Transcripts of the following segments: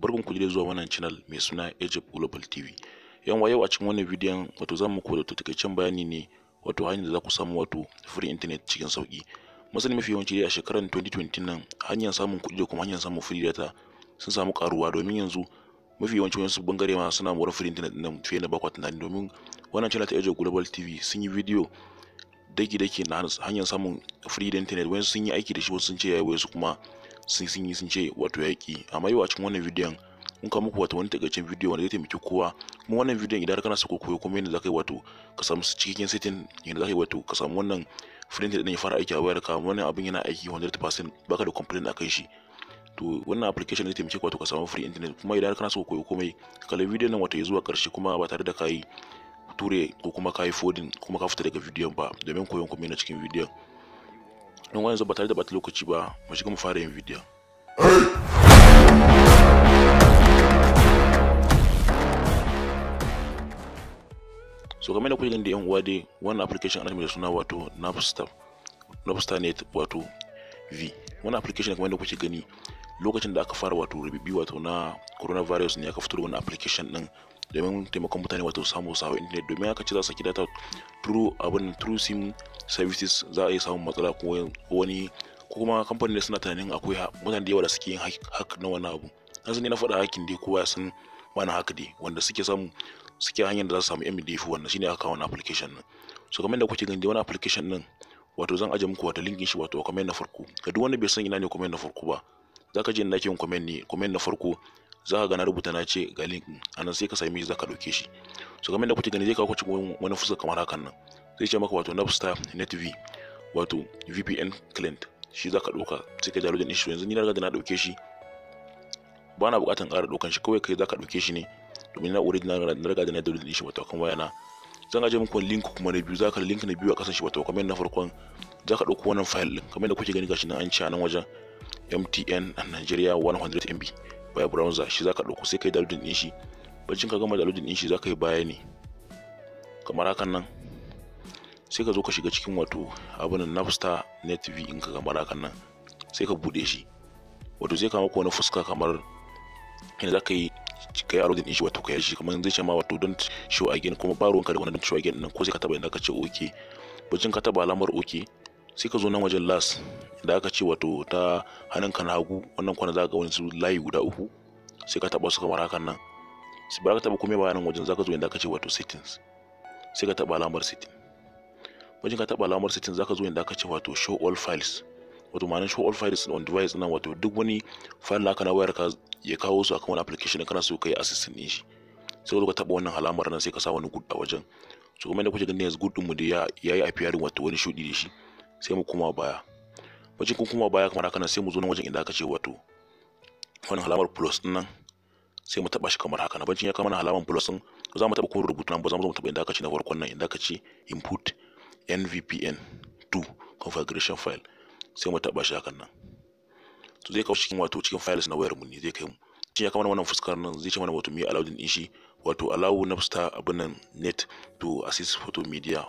barkun ku zuwa wannan channel mai suna Egypt Global TV yan yau a cikin wannan bidiyon wato zan muku da takaitaccen bayani ne wato hanyar da za ku samu wato free internet cikin sauki masani mafi yawanci dai a shekarar 2020 nan hanyar samun kuɗi da kuma hanyar samun free data sun samu karuwa domin yanzu mafi yawanci wasu bangare ma suna mora free internet nan fiye da bakwa tunani domin wannan channel ta Egypt Global TV sun yi bidiyo daki-daki na hanyar samun free internet wasu sun yi aiki da shi wasu sun ce yayi wasu kuma sun sun yi sun ce wato yaƙi amma yau a cikin wannan bidiyon mun kawo muku wato wani takaicin bidiyo wanda zai taimaki kowa kuma wannan bidiyon idan kana so ko koyo kuma yadda ka yi wato ka samu cikakken setting yadda zaka yi wato ka samu wannan print da ya fara aiki a wayar ka wannan abin yana aiki 100% baka da a kai shi to wannan application zai taimake ka wato ka samu free internet kuma idan kana so koyo komai kalli bidiyon nan wato ya zuwa karshe kuma ba tare da ka yi ture ko kuma ka yi folding kuma ka fita daga bidiyon ba domin koyon komai na cikin bidiyon don wani ba tare da bata lokaci ba mu shiga mu fara yin video so game da kujerin da yan uwa dai wannan application ana mai suna wato napster napster net wato v wannan application kamar da kuke gani lokacin da aka fara wato rubibi wato na coronavirus ne aka fito wannan application din domin taimakon mutane wato samu sawa internet domin haka ce za su data true abin true sim services za a yi samun matsala ko wani ko kuma kamfanin da suna tunanin akwai mutane da yawa da suke yin hak na wani abu na sani na faɗa hakin dai kowa sun san wani hack dai wanda suke samu suke hanyar da za su samu mdf wanda shine aka kawo wani application nan so kamar da kuke gani wani application din wato zan aje muku wato linkin shi wato kamar na farko ga duk wanda bai san ina ne kamar na farko ba zaka je inda ake yin comment ne comment na farko za ka ga na rubuta na ce ga link a nan sai ka sami shi za ka ɗauke shi so kamar da kuke gani zai kawo kuci wani fuska kamar hakan nan zai ce maka wato napstar netv wato vpn client shi za ka ɗauka sai ka download shi yanzu ni na riga da na ɗauke shi ba na buƙatar ƙara ɗaukan shi kawai kai za ka ɗauke shi ne domin na original na riga da na download shi wato kan waya zan aje muku link kuma na biyu za ka link na biyu a kasance shi wato kamar na farkon za ka ɗauko wannan file ɗin kamar da kuke gani gashi nan an ci a nan wajen mtn a nigeria 100 mb by browser shi zaka dauko sai kai downloading din shi bacin ka gama downloading din shi zaka yi bayani kamar hakan nan sai ka zo ka shiga cikin wato abin Napster Net V in ka gama hakan nan sai ka bude shi wato zai kama wani fuska kamar yadda zaka yi ka yi din shi wato ka shi kamar zai ce ma wato don show again kuma ba ruwanka da wannan show again nan ko sai ka taba inda ka ce oke bacin ka taba lamar oke sai ka zo nan wajen las da aka ce wato ta hannun ka na hagu wannan kwana za ka ga wani su layi guda uku sai ka taba su kamar hakan nan sai ba ka taba komai ba nan wajen za ka zo inda aka ce wato settings sai ka taba alamar setting wajen ka taba alamar setting za ka zo inda aka ce wato show all files wato ma'anin show all files on device nan wato duk wani file naka na wayar ka ya kawo su akan wani application kana so kai assistant din shi sai ka zo ka taba wannan alamar nan sai ka sa wani good a wajen so kuma da kuke ganin yanzu good din mu da ya yi a fiyarin wato wani shudi da shi sai mu koma baya wajen kun koma baya kamar haka sai mu zo nan wajen inda aka ce wato wannan halamar plus din nan sai mu taba shi kamar haka na bacin ya kama na halamar plus din za mu taba ko rubutu nan ba za mu zo mu taba inda aka ce na farkon nan inda aka ce input nvpn 2 configuration file sai mu taba shi hakan nan to zai kawo cikin wato cikin files na wayar mu ne zai kai mu shi ya kama wannan fuskar nan zai ce mana wato me allowed din shi wato allow star abin nan net to assist photo media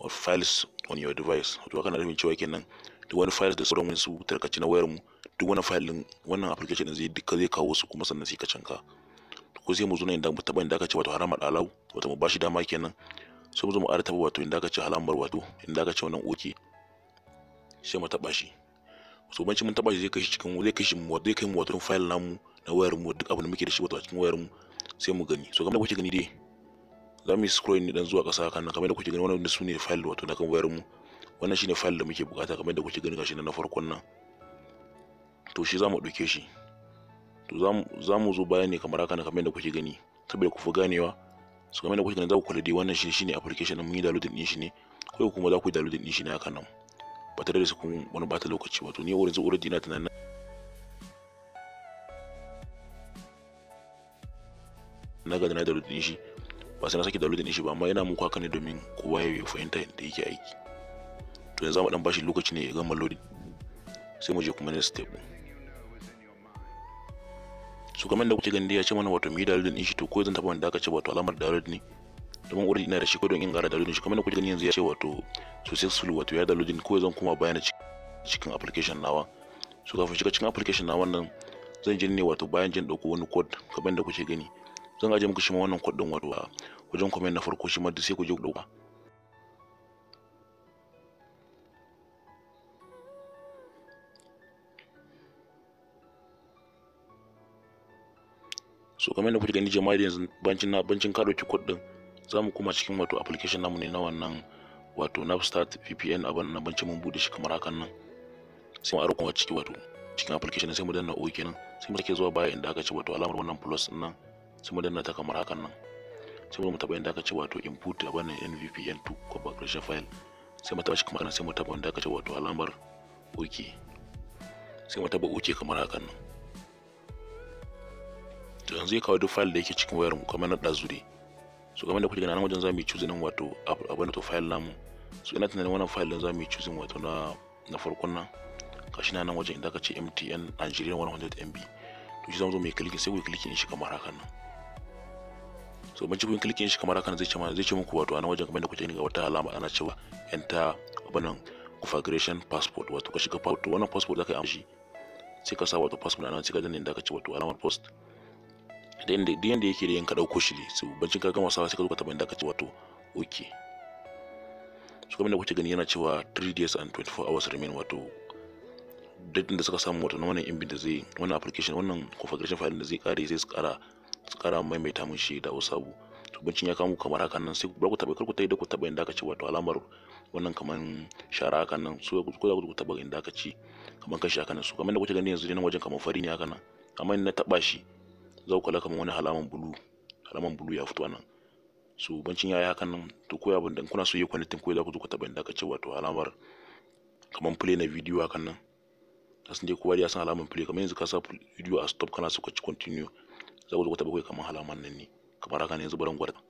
of files on your device to haka na nufin cewa kenan duk wani files da sauran wani su tarkaci na wayar mu duk wani file din wannan application din zai duka zai kawo su kuma sannan sai ka canka ko sai mu zo nan inda mu taba inda ka ce wato haram alau wato mu bashi dama kenan sai mu zo mu arta wato inda ka ce halamar wato inda ka ce wannan oke sai mu taba shi so banci mun taba shi zai kai cikin zai kai shi mu zai kai mu wato file namu na wayar mu duk abin da muke da shi wato a cikin wayar mu sai mu gani so kamar da kuke gani dai za mu yi scrolling ne dan zuwa ƙasa hakan nan kamar da kuke gani wannan su ne file wato na kan wayar mu wannan shine file da muke bukata kamar da kuke gani gashi na farkon nan to shi za mu ɗauke shi to za mu zo bayan ne kamar haka na kamar da kuke gani saboda ku fi ganewa su kamar da kuke gani za ku kula dai wannan shi shine application mun yi downloading din shi ne ko kuma za ku yi downloading din shi ne haka nan ba tare da su kun wani bata lokaci wato ni yanzu already ina tunanin na ga da na da rudin shi ba sai na sake dalilin shi ba amma yana muku haka ne domin kowa ya fahimta da yake aiki to yanzu mu dan bashi lokaci ne ya gama loading sai mu je kuma next step su kamar da kuke gani ya ce mana wato mi dalilin shi to ko zan taba wanda aka ce wato alamar download ne domin wurin ina da shi ko don in gara dalilin shi kamar da kuke gani yanzu ya ce wato successful wato ya dalilin ko zan kuma bayana cikin application nawa su kafin shiga cikin application na wannan zan je ne wato bayan jin dauko wani code kamar da kuke gani zan aje muku shi ma wannan kuɗin a wajen kuma na farko shi ma da sai ku je ku dauka so kamar da kuke gani jama'a yanzu bancin na bancin ka dauki code za mu kuma cikin wato application namu ne na wannan wato start VPN abin na bancin mun bude shi kamar hakan nan sai mu arko ciki wato cikin application sai mu danna okay nan sai mu take zuwa baya inda aka ci wato alamar wannan plus din nan sai ma danna ta kamar hakan nan sai mu taɓa inda aka ce wato input a wannan nvpn2 configuration file sai mu taɓa shi kamar hakan sai mu taɓa inda aka ce wato alamar ok sai mu taɓa ok kamar hakan nan to yanzu ya kawo duk file da yake cikin wayar mu kamar na ɗazu su so kamar da kuke gani nan wajen za mu yi choosing nan wato abin to file namu su ina tunanin wannan file din za mu yi choosing wato na na farkon nan kashi na nan wajen inda aka ce mtn nigeria 100 mb to shi zamu zo mu yi sai ku yi in shi kamar hakan nan so mun ji kun klikin shi kamar haka zai ce zai ce muku wato ana wajen kamar da kuke ga wata alama ana cewa enter abunan configuration passport wato ka shiga passport wannan passport zaka yi amshi sai ka sa wato passport ana cika zanen da ka ce wato alamar post da inda da yanda yake da yanka dauko shi ne so bancin ka gama sawa sai ka zo ka tabbata da ka ce wato okay su kamar da kuke gani yana cewa 3 days and 24 hours remain wato dadin da suka samu wato na wannan MB da zai wannan application wannan configuration file da zai kare sai su kara kara maimaita mun shi da wasu abu to bincin ya kamo kamar hakan nan sai ku taɓa kar ku taɓa da ku taɓa inda aka ci wato alamar wannan kaman shara hakan nan su ku ku taɓa inda aka ci kaman kashi hakan nan su kamar da kuke gani yanzu nan wajen kaman fari ne hakan nan amma in na taɓa shi za ku kaman wani halaman bulu halaman bulu ya fito nan su bincin yayi hakan nan to koya ban dan kuna so yi kwalitin koya za ku ku taɓa inda aka ce wato alamar kaman play na video hakan nan asan dai kowa ya san alamar play kamar yanzu ka sa video a stop kana so ka ci continue saboda wata bakwai kamar halaman nan ne kamar haka ne yanzu baran gwarta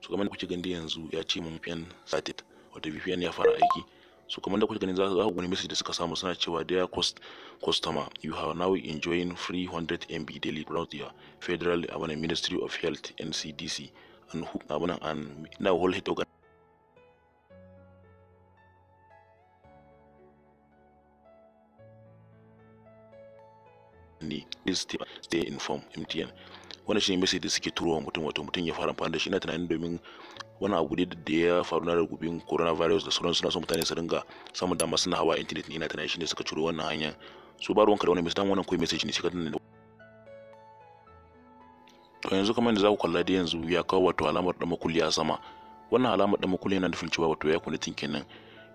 su kamar da kuke gani yanzu ya ce mun fiyan satit wato VPN ya fara aiki su kamar da kuke gani za ku gani message da suka samu suna cewa dear customer you have now enjoying free 100 MB daily ground your federal ministry of health NCDC and who and now whole health organ ne please stay informed MTN wannan shi ne da suke turowa mutum wato mutum ya fara amfani da shi na tunanin domin wani abu ne da ya faru na ragubin coronavirus da sauran suna son mutane su ringa samun dama suna hawa internet na tunanin ne suka ciro wannan hanyar su ba ruwanka da wani message wannan kawai message ne sai ka ne to yanzu kamar yadda za ku kalla da yanzu ya kawo wato alamar da makulli a sama wannan alamar da makulli yana nufin cewa wato ya kuna tinkin nan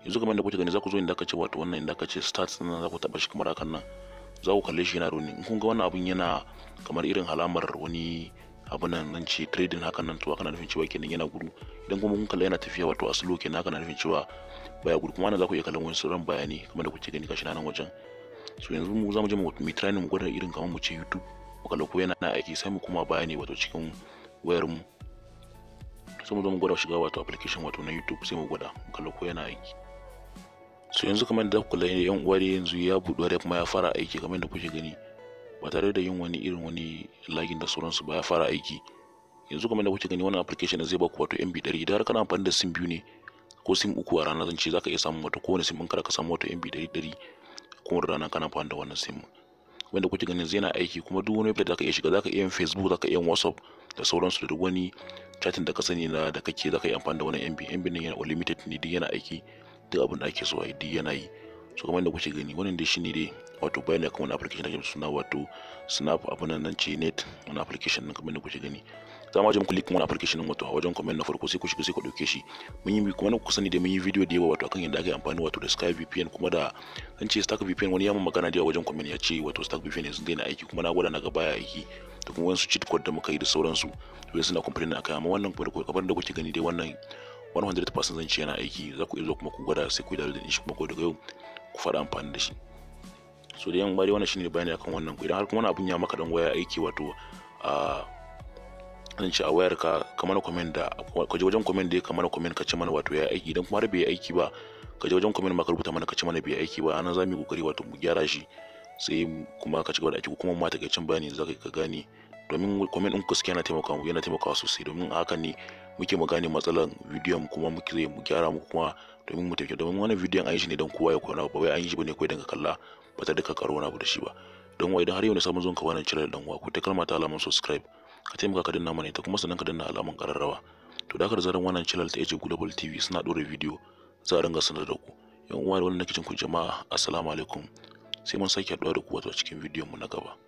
yanzu kamar yadda kuke gani za ku zo inda aka ce wato wannan inda aka ce start nan za ku taba shi kamar hakan nan za ku kalle shi yana roni in kun ga wannan abun yana kamar irin alamar wani abun nan nan ce trading hakan nan to kana nufin cewa kenan yana gudu idan kuma kun kalle yana tafiya wato a slow kenan haka na nufin cewa baya gudu kuma wannan za ku iya kallon wasu ran bayani kamar da kuke gani na nan wajen so yanzu mu za mu je mu mi training mu gwada irin kamar mu ce YouTube mu kalla ko yana na aiki sai mu kuma bayani wato cikin wayar mu sai mu zo mu gwada shiga wato application wato na YouTube sai mu gwada mu kalla ko yana aiki so yanzu kamar da kula kula yan uwa da yanzu ya buɗe da kuma ya fara aiki kamar da kuke gani ba tare da yin wani irin wani lagin da sauransu ba ya fara aiki yanzu kamar da kuke gani wannan application zai baku wato MB 100 idan har kana amfani da sim biyu ne ko sim uku a rana zan ce zaka iya samun wato kowane sim in kada ka samu wato MB 100 kuma rana kana amfani da wannan sim wanda kuke ganin yana aiki kuma duk wani website zaka iya shiga zaka iya yin Facebook zaka iya yin WhatsApp da sauransu da duk wani chatting da ka sani na da kake zaka iya amfani da wannan MB MB ne yana unlimited ne duk yana aiki duk abin da ake so a yi duk yana yi so kamar da kuke gani wannan dai shine dai wato bayani akan wani application da ke suna wato snap abin nan ce net wani application din kamar da kuke gani za mu je muku link wani application din wato a wajen comment na farko sai ku shiga sai ku dauke shi mun yi kuma ku sani da mun yi video da yawa wato akan yadda ake amfani wato da Sky VPN kuma da an ce Stack VPN wani yamma magana da wajen comment ya ce wato Stack VPN yanzu daina aiki kuma na gwada na ga baya aiki da kuma wasu cheat code da muka yi da sauransu to suna complain akai amma wannan kamar da kuke gani dai wannan 100% zan ce yana aiki za ku iya zuwa kuma ku gwada sai ku yi da shi kuma ko daga yau ku fara amfani da shi so da yan bari wannan shine bayani akan wannan ku idan har kuma wani abun ya maka dan waya aiki wato a zan ce a wayar ka kamar comment da ka je wajen comment da ya kamar comment ka ce mana wato ya aiki idan kuma har bai aiki ba ka je wajen comment ma ka rubuta mana ka ce mana bai aiki ba anan za mu yi kokari wato mu gyara shi sai kuma ka ci gaba da aiki kuma ma takaicin bayani za ka gane domin comment ɗin ku suke yana taimakawa yana taimakawa sosai domin hakan ne muke mu gane matsalan bidiyon kuma muke mu gyara mu kuma domin mu tafi domin wannan bidiyon an yi shi ne don kowa ya koya ba wai an yi shi bane kai dan kalla ba ta duka karo na da shi ba don wai idan har yau da samun zonka wannan cire dan uwa ku ta kalma ta subscribe ka taimaka ka danna mana ita kuma sannan ka danna alaman kararrawa to da haka da zaran wannan channel ta Ejibu Global TV suna dora bidiyo za a ringa sanar da ku yan uwa da wannan nake cin ku jama'a assalamu alaikum sai mun sake haɗuwa da ku wato cikin bidiyon mu na gaba